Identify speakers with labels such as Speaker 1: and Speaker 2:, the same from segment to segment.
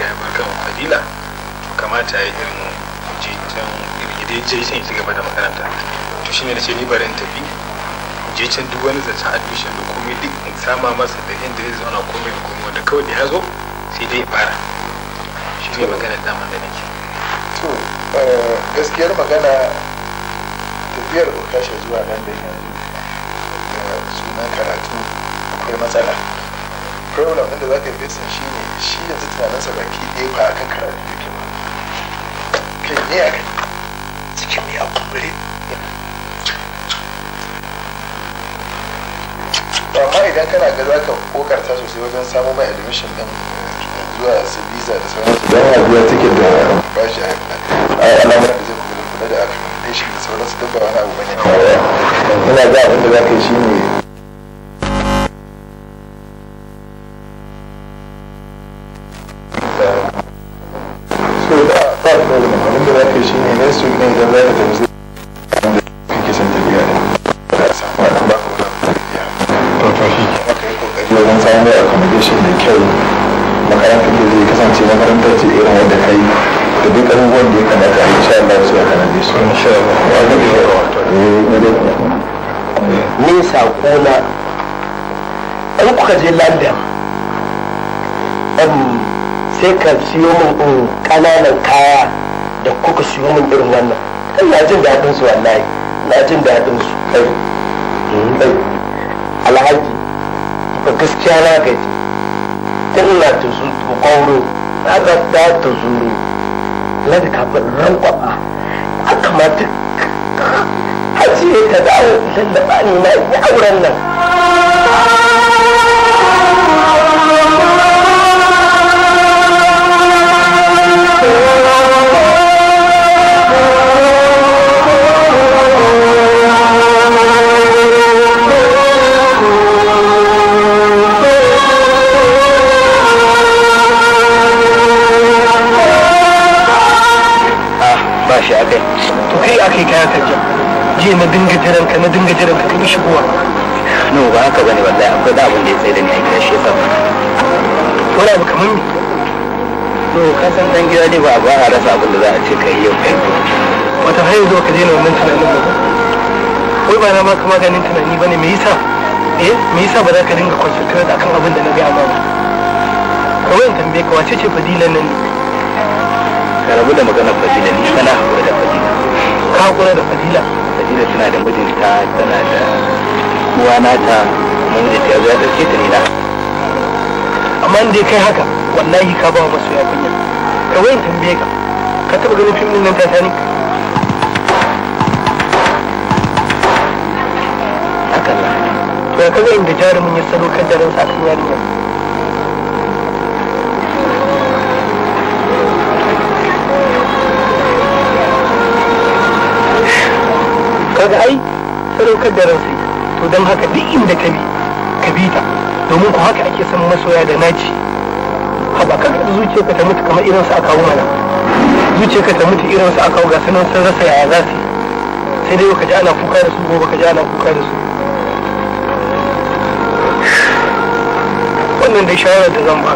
Speaker 1: riga ya bar fadila kamata ya irin jejjen irin jejjen ya ci gaba da makaranta to shine da ce ni bari in tafi duk wani admission da komai duk in sama masa da inda zai zauna komai da komai wanda kawai da ya zo sai dai fara shi ne magana da nake to eh, gaskiyar magana tafiyar zuwa nan da yanzu eh, sunan karatu akwai matsala problem ɗin za ka fesin shi yanzu tunaninsa baki ɗaya ba akan karatu yake ba kai ne a kan cikin ya kumbure amma idan kana ga za ka kokarta sosai wajen samun mai admission din eh, zuwa su visa da sauransu don rabuwa take da bashi a eh, eh, al'amuran da zai
Speaker 2: kuma da accommodation da sauransu duk ba wani abu bane ina ga abin da za ka yi shi ne.
Speaker 1: muka je london sai ka siyo min
Speaker 2: kananan kaya da kuka siyo min irin wannan kan na jin daɗin su wallahi na jin daɗin su kai kai alhaji ka gaskiya na gaji tun na ta zuru kwauro na ga da ta zuru na da kafin ran kwaba a kamata
Speaker 3: hajiye ta dawo da ba ni na yi auren nan shi a kai to kai a kai kaya kan
Speaker 1: jiya na dinga jiran ka na dinga jiran ka kai shigowa no ba haka bane wallahi akwai da abin da ya tsaye da ni a gida shi yasa da ba kamar ni to ka san dan gida ne ba ba a rasa abin da za a ce kai yau kai wata hanyar yanzu ka daina wannan tunanin ba wai ba na ma kuma ganin tunani bane me yasa eh me yasa ba za ka dinga concentrate akan abin da na ga amma ba kawai in tambaye ka wace ce fadilan nan ne ka rabu da maganar fadila ni kana hakura da fadila ka hakura da fadila fadila tana da mijinta tana da uwa nata mijinta ya zo ya ɗauke ta ne na amma in dai kai haka wallahi ka ba masu ya kunya ka wayin tambaye ka ka taɓa ganin fim ɗin nan titanic
Speaker 3: haka ne
Speaker 1: to ya kaga inda jarumin ya sadaukar da
Speaker 2: ransa kan yarinyar
Speaker 1: kaga ai sadaukar da ransa to don haka duk inda ka bi ka bi ta domin ku haka ake son masoya da naci haba kaga da zuciya ka ta mutu kamar irin su aka mana zuciya ka ta mutu irin su aka ga sanan sun rasa yaya za su sai dai ka ji ana kuka da su gobe ka ji ana kuka da su wannan dai shawarar da zan ba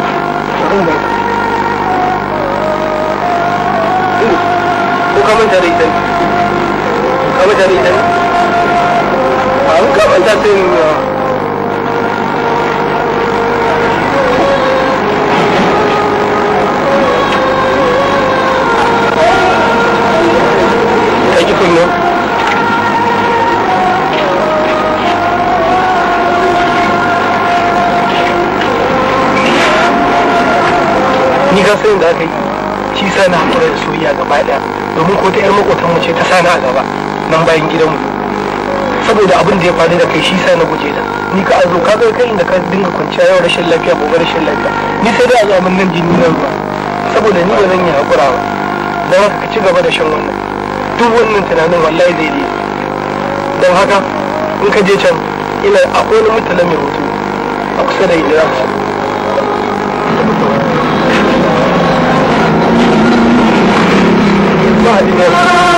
Speaker 1: ko ka manta da ita wani gari ne
Speaker 2: an kamanta sai uh,
Speaker 1: ni ga sanin da aka yi shi na hakura da soyayya gaba daya domin ko ta yar makotan mu ce ta ni a gaba nan bayan gidanmu saboda abin da ya faru da kai shi sa na guje da ni ka azo ka ga kai inda ka dinga kwanciya yau rashin lafiya gobe rashin lafiya ni sai dai a zo nan jini nan ba saboda ni ba zan yi hakura ba dan haka ka ci gaba da shan wannan duk wannan tunanin wallahi zai yi dan haka in ka je can ina akwai wani mutane mai hoto a
Speaker 3: kusa da idirasu Thank you.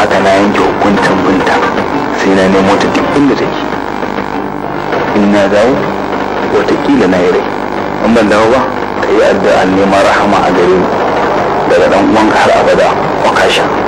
Speaker 1: haka na yanke hukuncin binta sai na nemo ta duk inda take in na dawo watakila na yi rai in ban dawo ba ka yi addu'a neman rahama a gare mu daga dan uwanka har abada wa kashin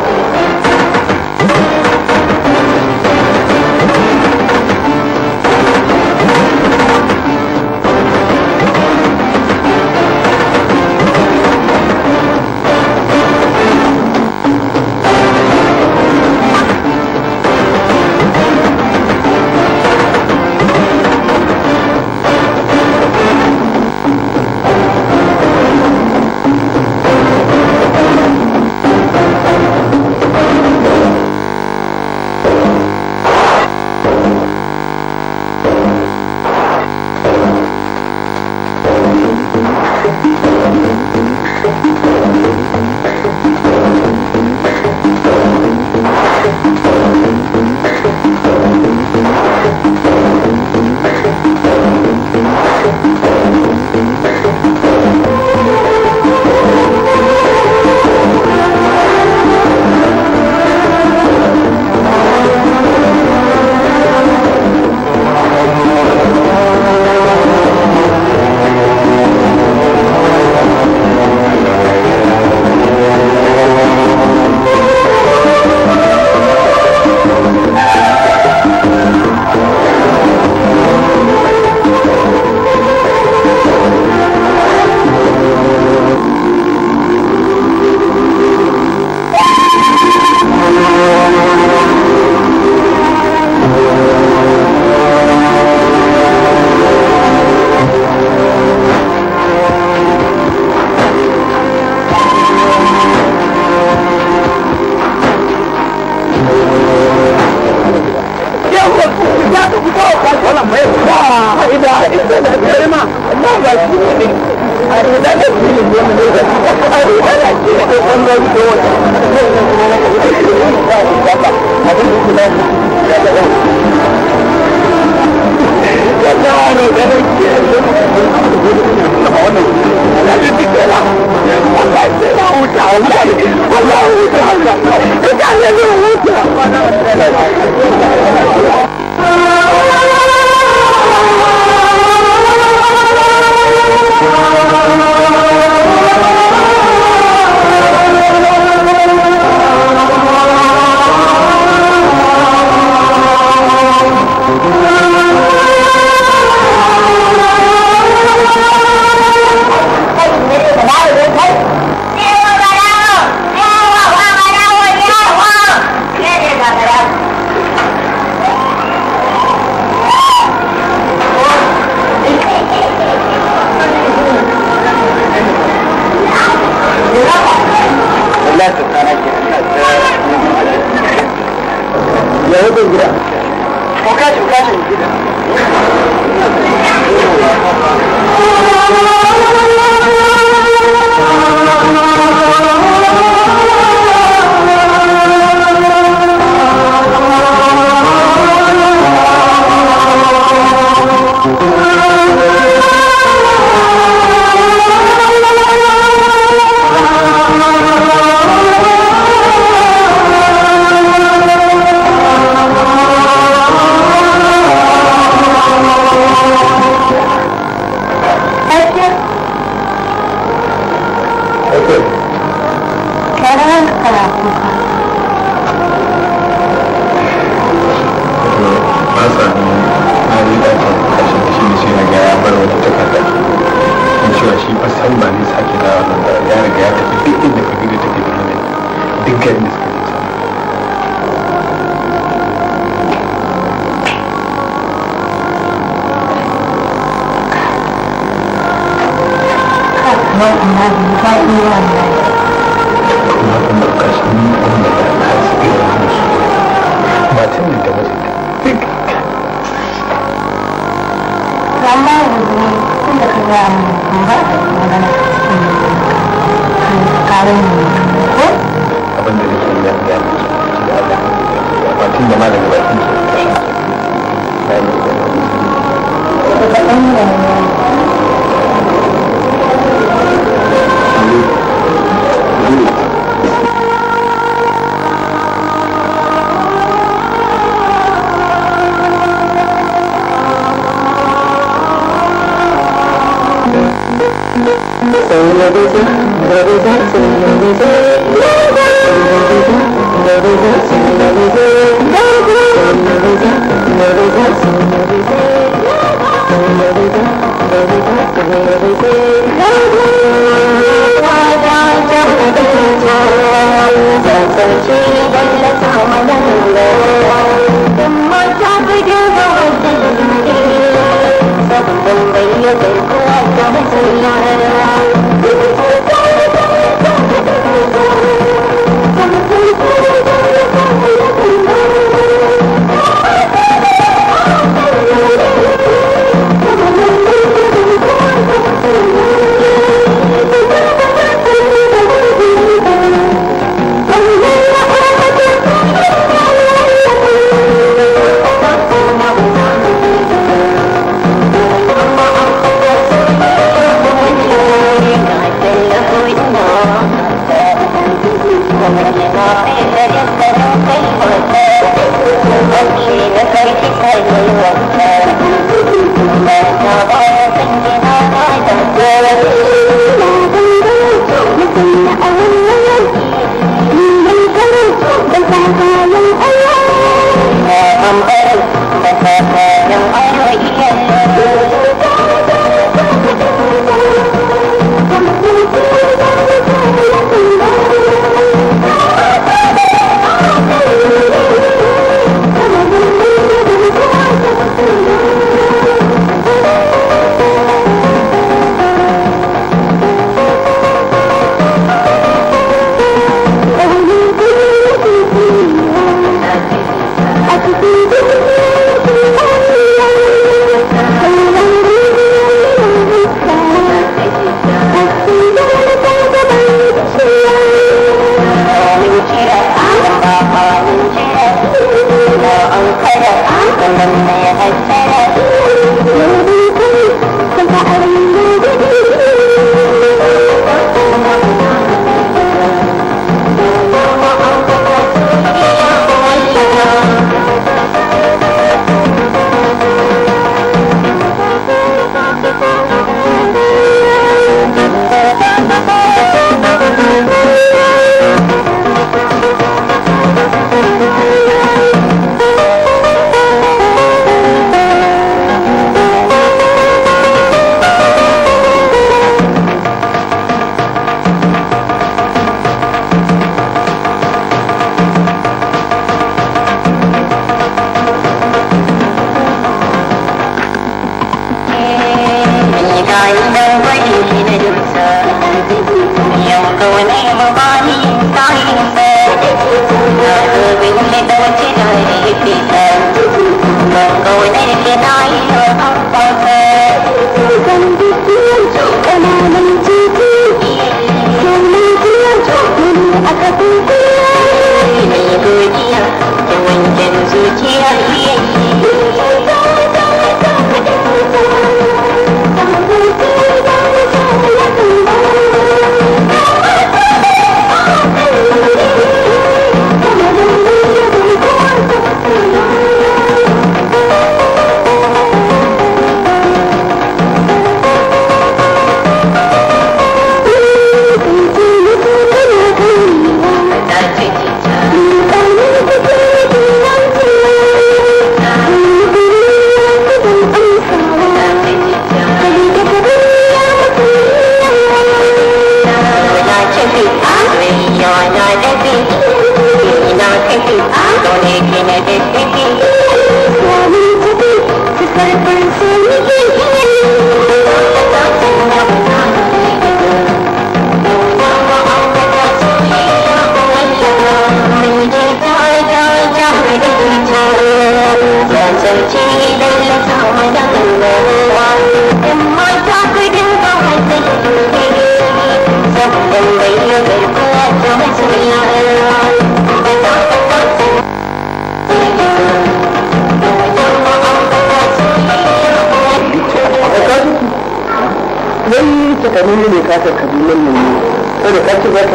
Speaker 3: 这价钱就五九。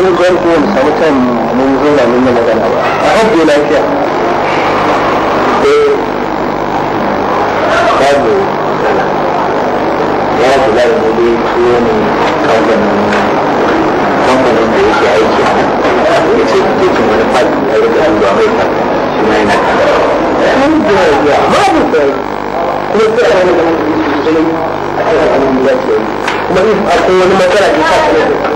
Speaker 2: wani gwarfi wani samu kan mun zauna mun yi magana ba a haɗe lafiya eh babu ya ji da mu ne tuwo ne kamfanin kamfanin da yake aiki a ya ce titin wani fadi ya rika zuwa mai fadi shi ma yana kan babu da kuma sai a da yake sosai a kan abin da kuma in akwai wani matsala da ya sa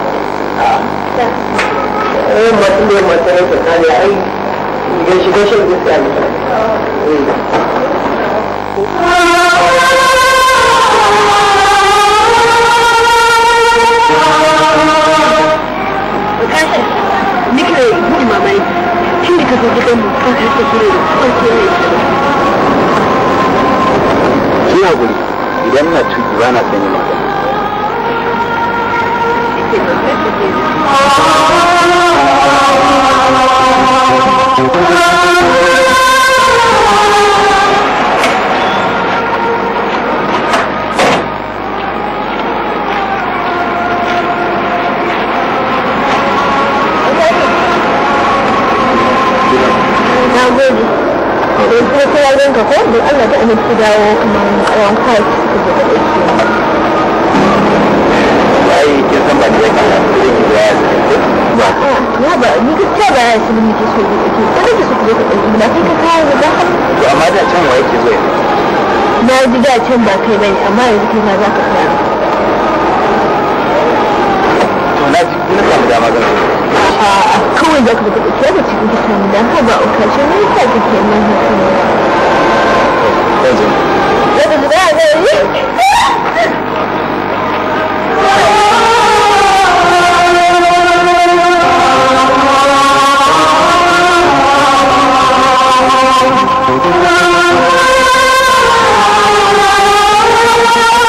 Speaker 3: eh
Speaker 2: masu ne masu ne ta kare ai gaskiya ne tun ka zo gidan mu kan ka ne idan na tuki ba na sanya
Speaker 1: magana
Speaker 3: Kalau kau ada
Speaker 2: yang kau kau, dia ada tak ada yang kau kau kau kau kau kau kau kau ai kin san ba da yake ba ya ba ni gaskiya ba ya shi miki so ki ke, sai ki so ki ka na ka kawo da hannu to
Speaker 1: amma da can wai ke zo
Speaker 2: na ji da can ba kai bane amma yanzu ma za ka fara to na ji kun samu dama zan kawai za ka cikin kisan da, ka ba uka shi ne ka kike nan hukuma
Speaker 3: Thank you. 我怎么这样？Oh,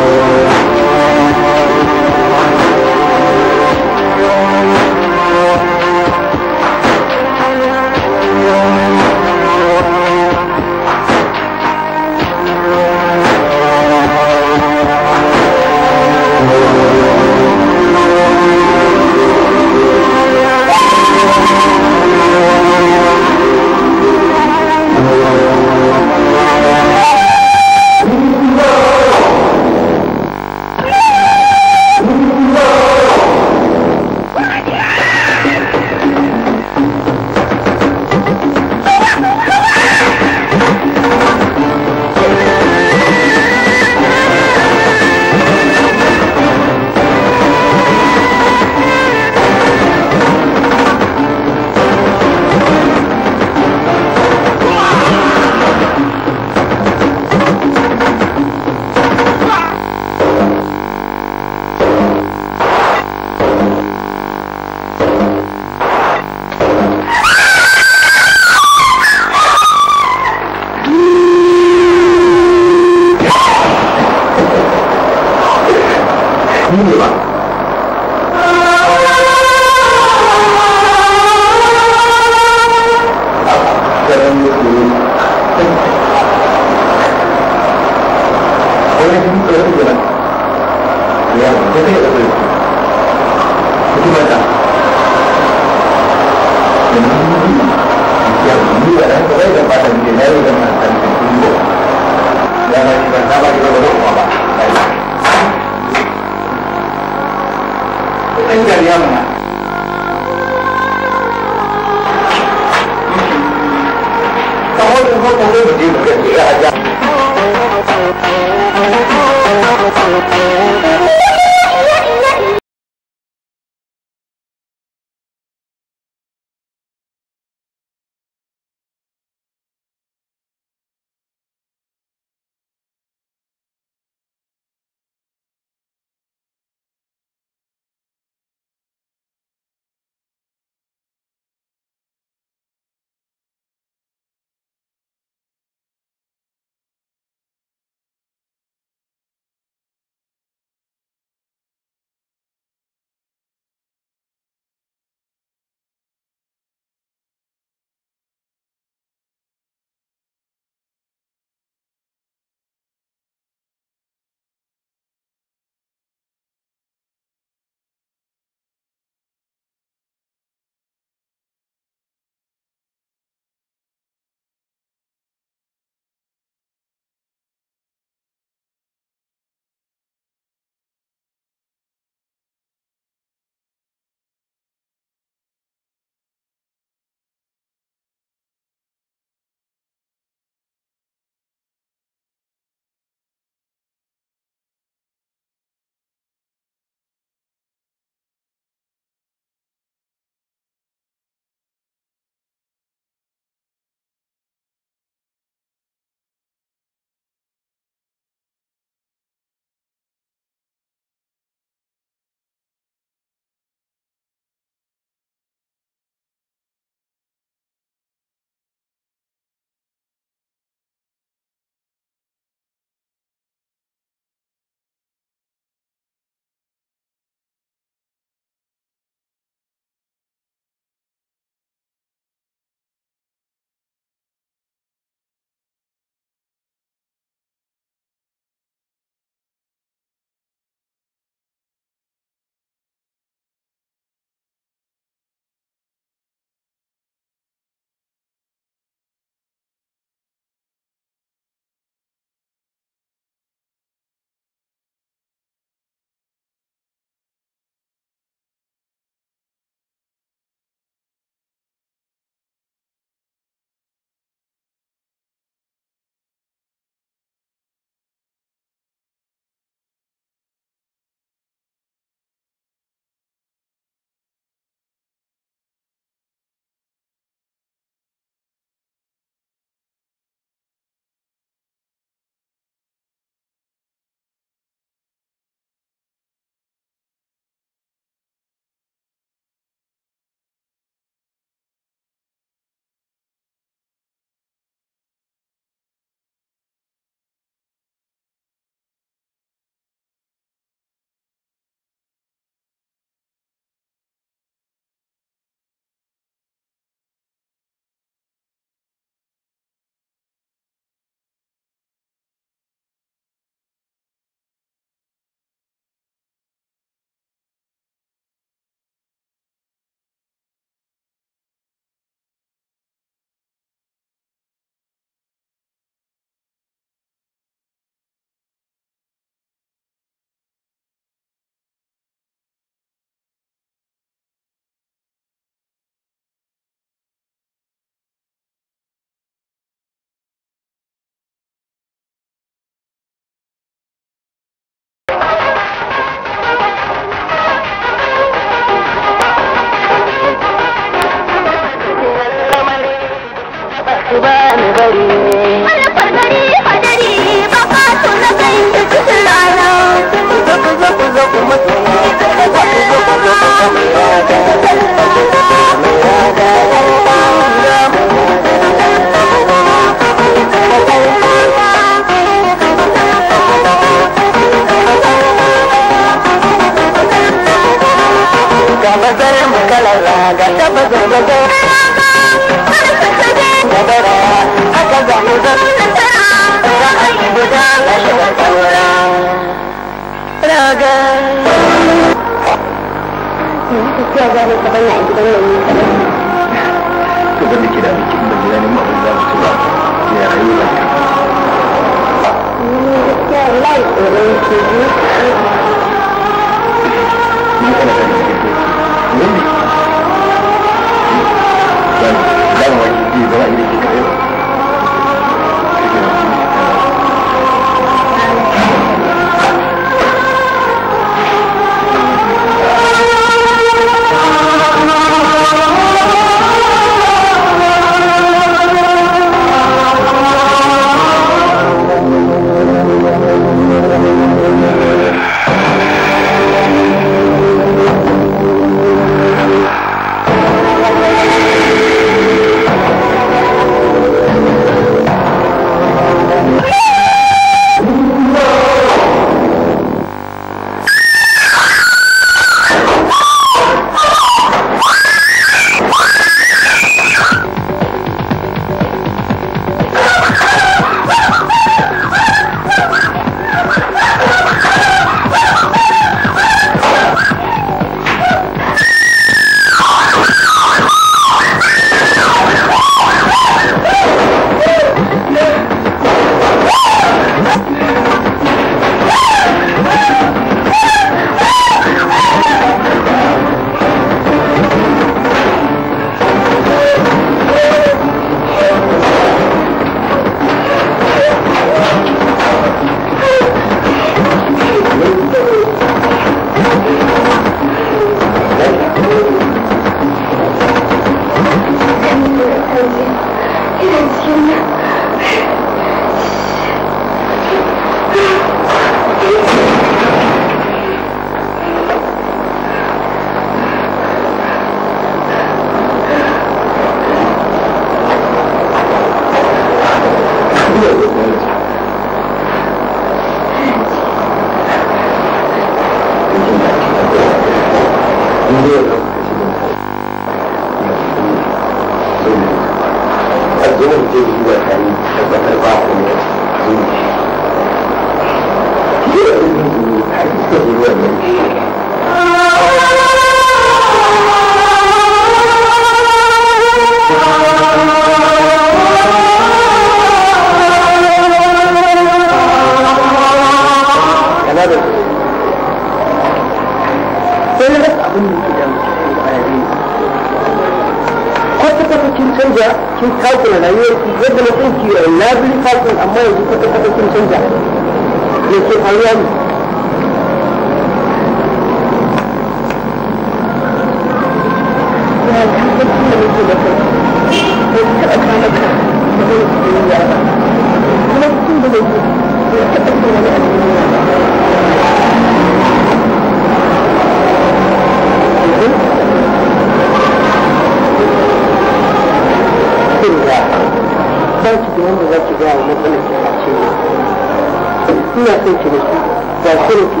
Speaker 2: ina son ki da su ga shirin ki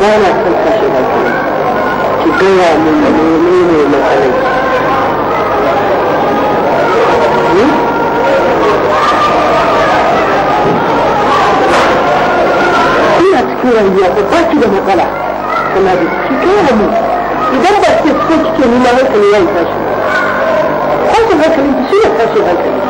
Speaker 2: ba na son kashe ba ki gaya min menene matsalar hmm? ina cikin rayuwa ko ba ki da matsala kana da ki gaya min idan ba ki so kike nuna hankali yawan tashi ba hankali hankali ki shi ne tashi hankali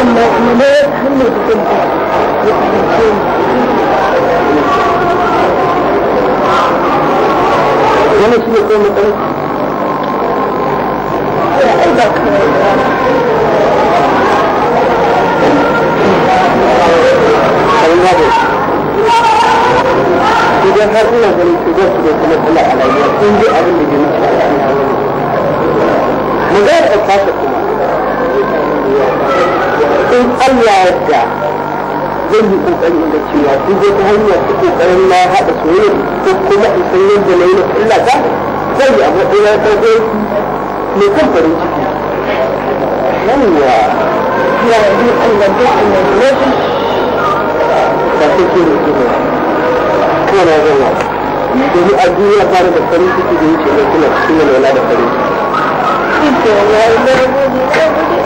Speaker 2: amma kuma na ya da zan ba ya ɗan ya da abin da a in Allah yadda zan yi kokari inda cewa duk wata hanya ta kokarin na haɗa soyayya ko kuma in san yadda na yi na ta zan yi a matsayin ta zai kan farin ciki
Speaker 3: yawwa
Speaker 2: ya yi Allah da Allah ne ba ke kana zama domin a duniya da farin ciki da yake na cikin yana da farin ciki. yi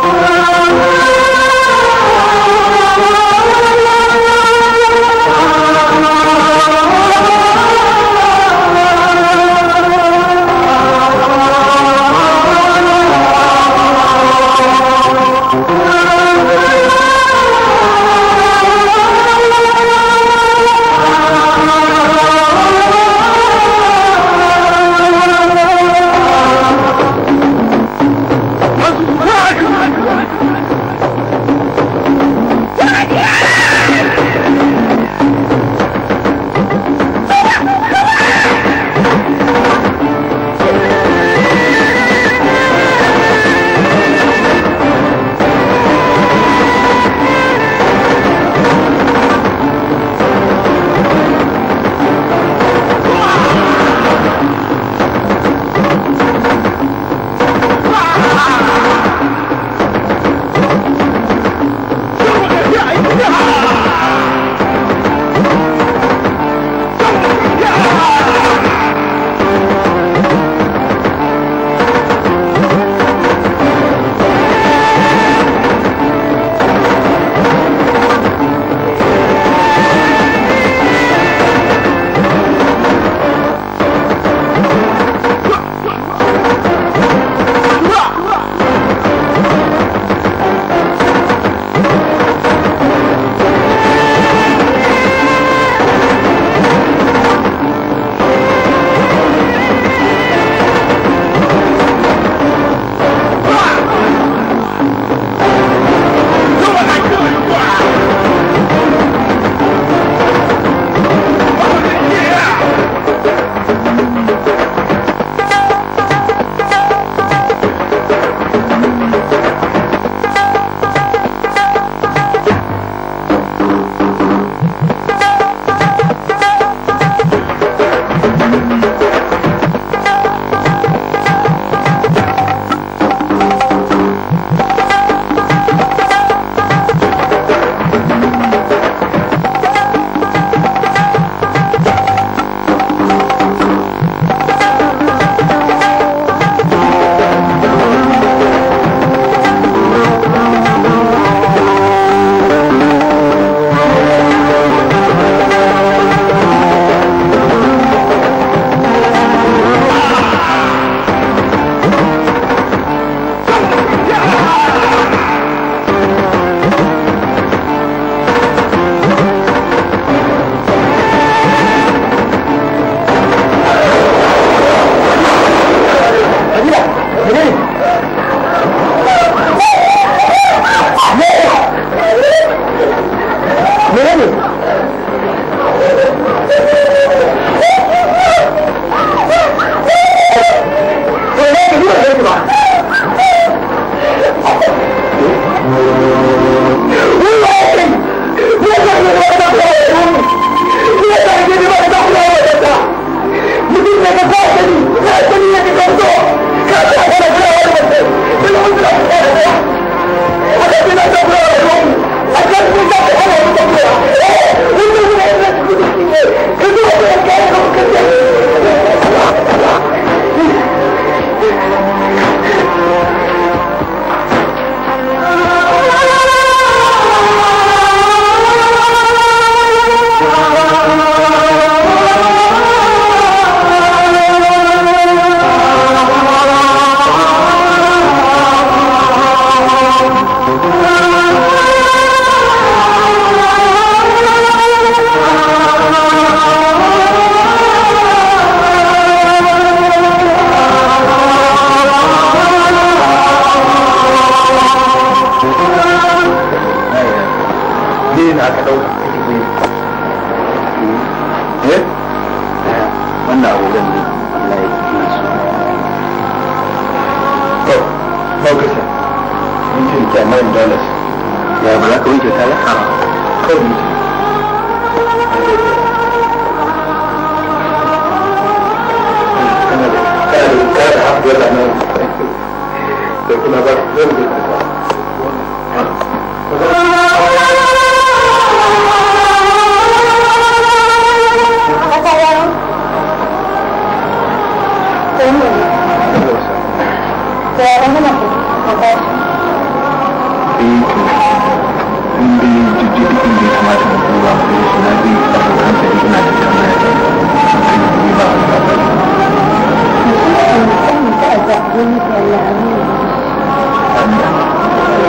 Speaker 2: Oh,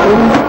Speaker 2: Thank you.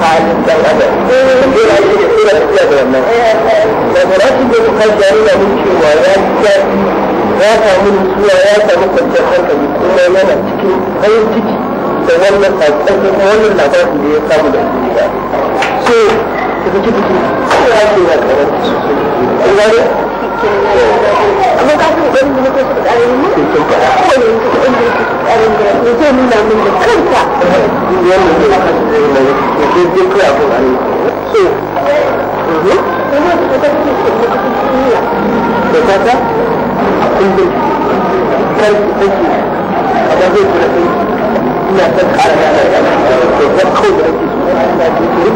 Speaker 2: halin dan ko da da da da da da cewa ya ji ya samu nutsuwa ya samu kwanciyar hankali yana cikin farin ciki da wannan sakon ko da ya samu da ba so da kike kike amma ka kuma ɗan ne ko su ƙarin ne ne ko ne da kanta yana da ko so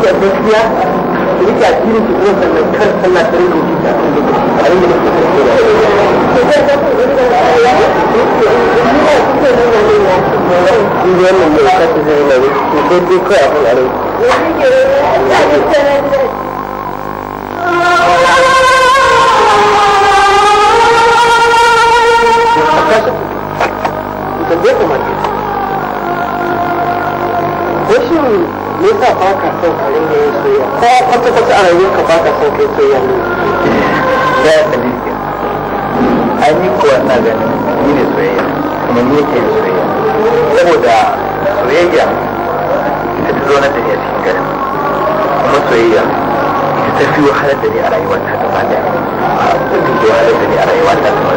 Speaker 2: da su rike addinin su kuma sannan kan sallah Thank you. me yasa ba ka son ka rinda yin soyayya ko kwata kwata a rayuwar ka ba ka son kai soyayya ne da ya sani ke ai ni ko ina ganin ni ne soyayya kuma ni ke yin soyayya saboda soyayya
Speaker 1: ita ta zo na da ni a cikin garin kuma soyayya ita ta fi wahalar da ni a rayuwar ta
Speaker 2: gaba da ta fi wahalar da ni a rayuwar ta gaba da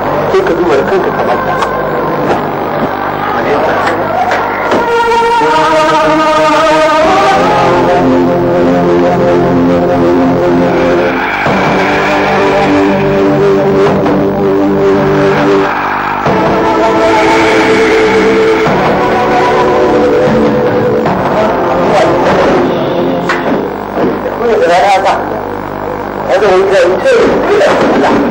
Speaker 3: 这个是我的哥哥，他买的。没有。
Speaker 2: 我来他家，他是我一个亲戚。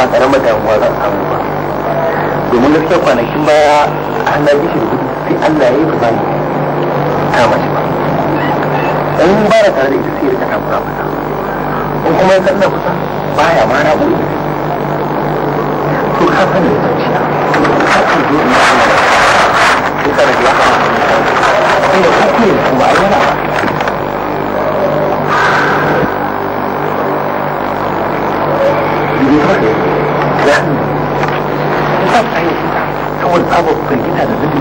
Speaker 2: ba karamar da za a samu ba domin gaskiya kwanakin baya an na bishin gudu sai Allah ya yi ba ni kama shi ba in ba da tare da ita sai ya rika ba mata in kuma ya sanna kusa ya ma na buɗe to ka sani da zuciya hakan ba yi ba kuma da ya ba da ya kama da kuma da kuma ba kuma a yana ba kawai tsabar firgita da zubi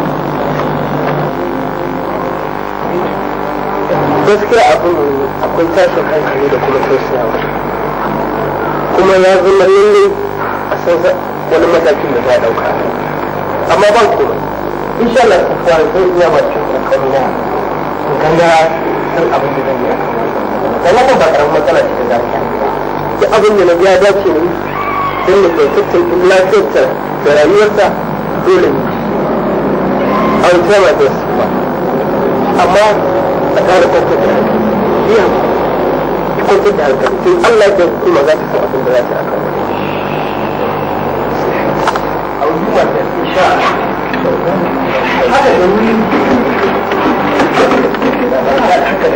Speaker 2: gaskiya abin akwai tashin hankali da kuma tausayawa kuma ya zama lallai a san wani matakin da za a dauka amma ban kuma insha Allah ta fara zai iya bakin kokari na ganga san abin da zan yi akan wannan ba karamin matsala ce da za ta yi abin da na ya dace ne don da kai tattalin lafiyar rayuwarsa dole an sama da su ba amma a tsara kwanta da hankali yi hankali kwanta da hankali sai Allah ya kuma za ta san abin da za
Speaker 3: ta aka abubuwa da su sha haka da wuri haka da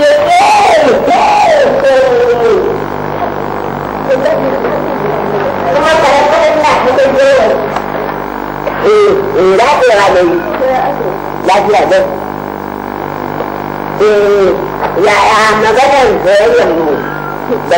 Speaker 3: yaya
Speaker 2: maganar soyayyar mu da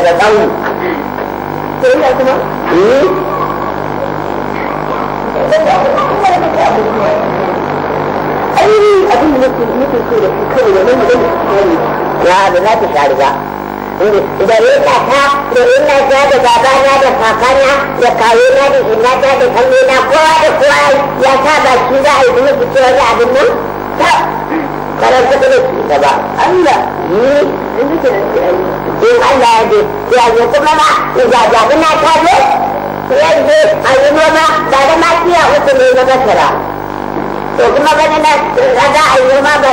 Speaker 2: ya na ta shari ba da rika ta da ina ta da babana da kakana da kawo na da ina ta da kallo na kowa da kowa ya sa baki za a yi kuma su cewa da abin nan ta karar ta kada su ta ba Allah ni in Allah ya je ya je kuma na ya jabi na ta ne yanzu a yi noma ba da ma kiya uku ne na masara to kuma ganin na za a yi noma ba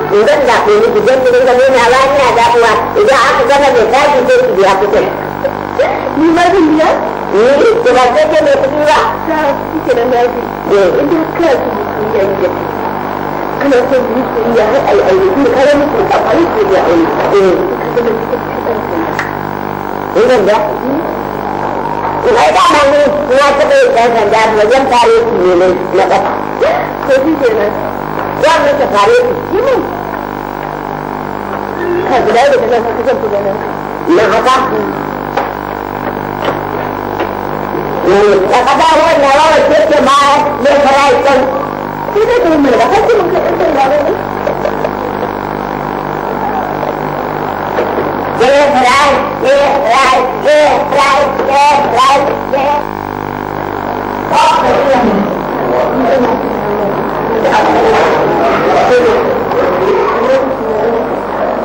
Speaker 2: in zan zaɓe miki don ki dinga nuna ba ina zaɓuwa idan aka gama mai tashi sai ki biya kuɗin. Ni ma zan biya? Ni ki ba ke mai kuɗi ba. Ta kike da naji. Idan ka ki biya ni da kana so ki yi soyayya har ai ai ni kare miki ka fara soyayya ai. Eh. Idan da Ina da ma ni na taɓa yin ɗan sanda wajen fare ki ne na ƙasa. Ko shi kenan. Za mu ta fare haka guda daga nan haka zan fita nan na haka ya kada wannan rawa ce ce ma ne fara ikan shi da kuma mai baka ce mun kai kan rawa ne Yeah, right, yeah, right, yeah, right, yeah, right, yeah. Oh, yeah.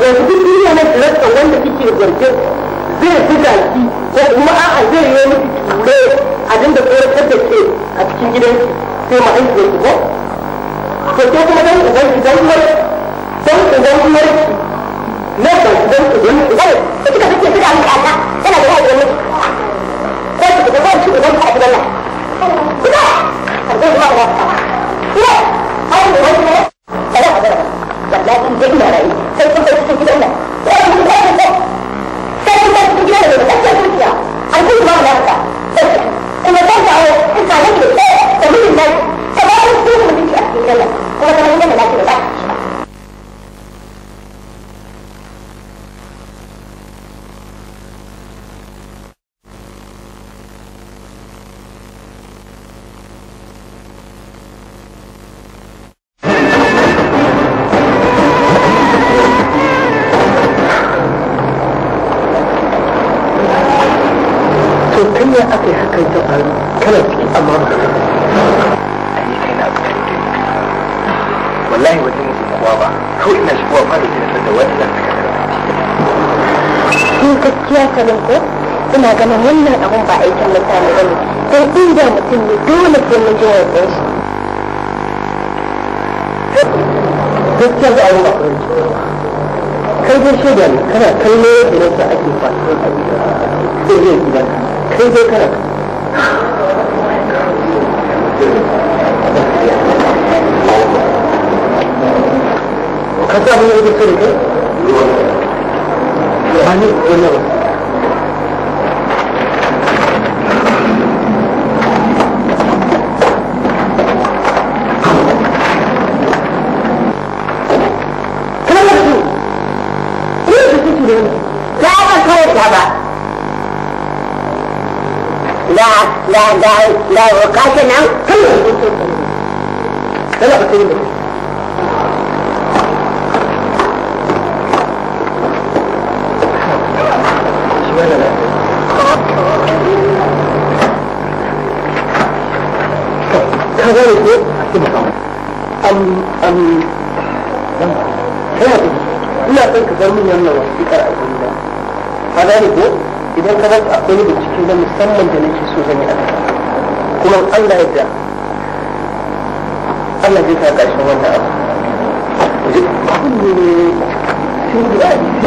Speaker 2: yanzu duk duniya na rasa wanda kike zargin zai buga ki ko kuma a'a zai yi miki ture a dinga tsoratar da ke a cikin gidanki sai mahaifiyar ki ko to ke kuma dan uban ki dan uwar dan uban uwar ki na ba ki dan uban uwar ki kika kike kika miki Allah yana da yawa ne ko ki kika ko ki uban ki a gidan nan kuma har zai ba wa ta kuma har uban ki ne kada ka ga wallahi in dai na rayu ganin wannan abun ba aikin mutane ba ne sai inda mutum ne dole sai mu je ya shi gaskiyar da abin akwai kai dai shaida ne kana kallo yadda nake ake fasuwar abin sai zai gidan kai dai kana ka sa mun yi da kai ne ba ne wannan ga ga ga ka kenan dala ba sai ka gane ko am am ina son ka bar min wannan wasiƙar a gida ko idan ka zaka akwai bincike na musamman da nake so zan yi a kuma Allah ya da Allah zai ka gashin wannan abu.
Speaker 3: Abin ne sun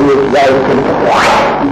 Speaker 2: that you guys can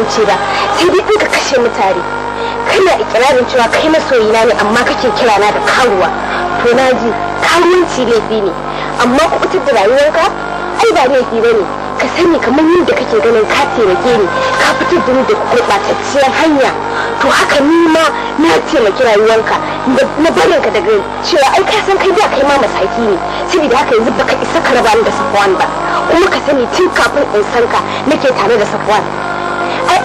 Speaker 3: kasance ba sai dai in
Speaker 2: ka kashe mutane kana ikirarin cewa kai masoyina ne amma kake kira na da karuwa to na ji karuwanci laifi ne amma ku fitar da rayuwarka ai ba laifi ba ne ka sani kamar yadda kake ganin ka taimake ni ka fitar da ni da gurɓatacciyar hanya to haka ni ma na taimaki rayuwarka na barin ka daga cewa ai ka san kai da kai ma masaki ne saboda haka yanzu baka isa ka raba ni da safwan ba kuma ka sani tun kafin in san ka nake tare da safwan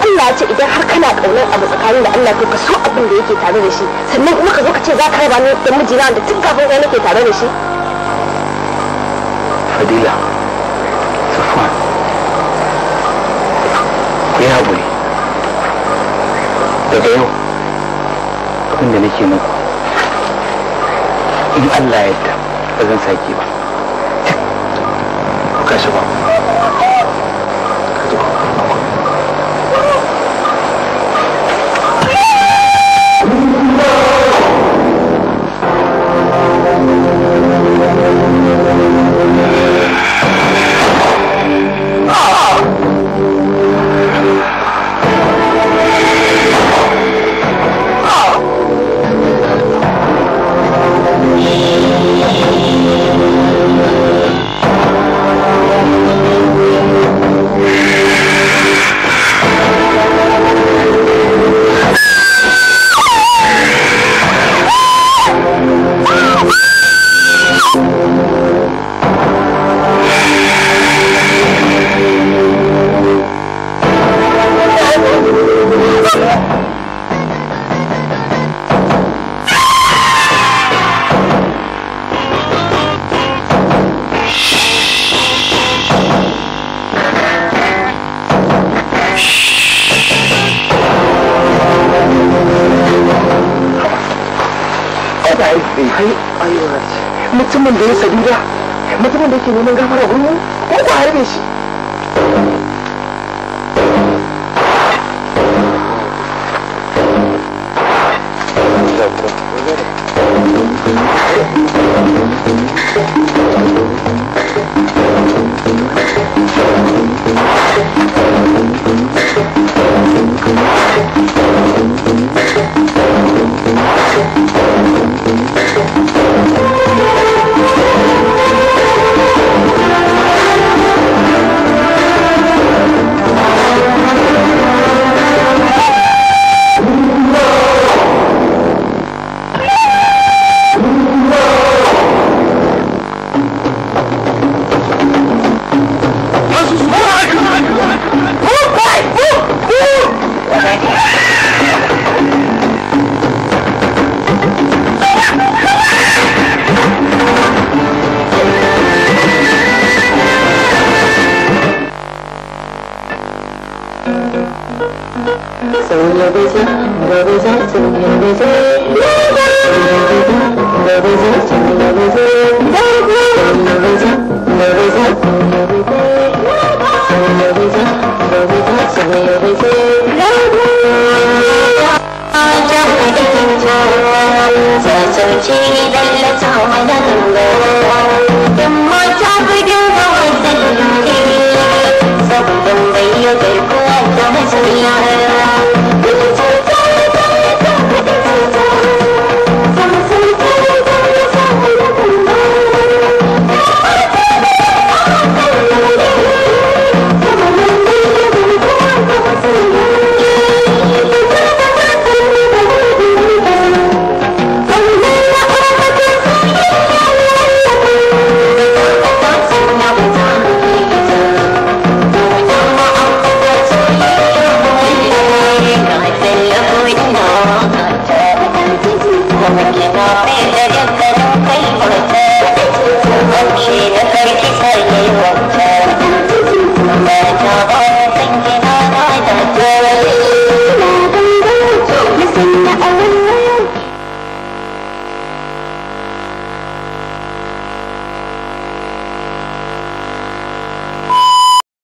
Speaker 2: Allah ce idan har kana kaunar abu tsakanin da Allah to ka so abin da yake tare da shi sannan kuma ka zo ka ce za ka raba ni da mijina da tun kafin kai nake tare da shi Fadila Safwan
Speaker 1: ku yi haƙuri daga yau abin da nake muku in Allah ya yarda ba zan sake ba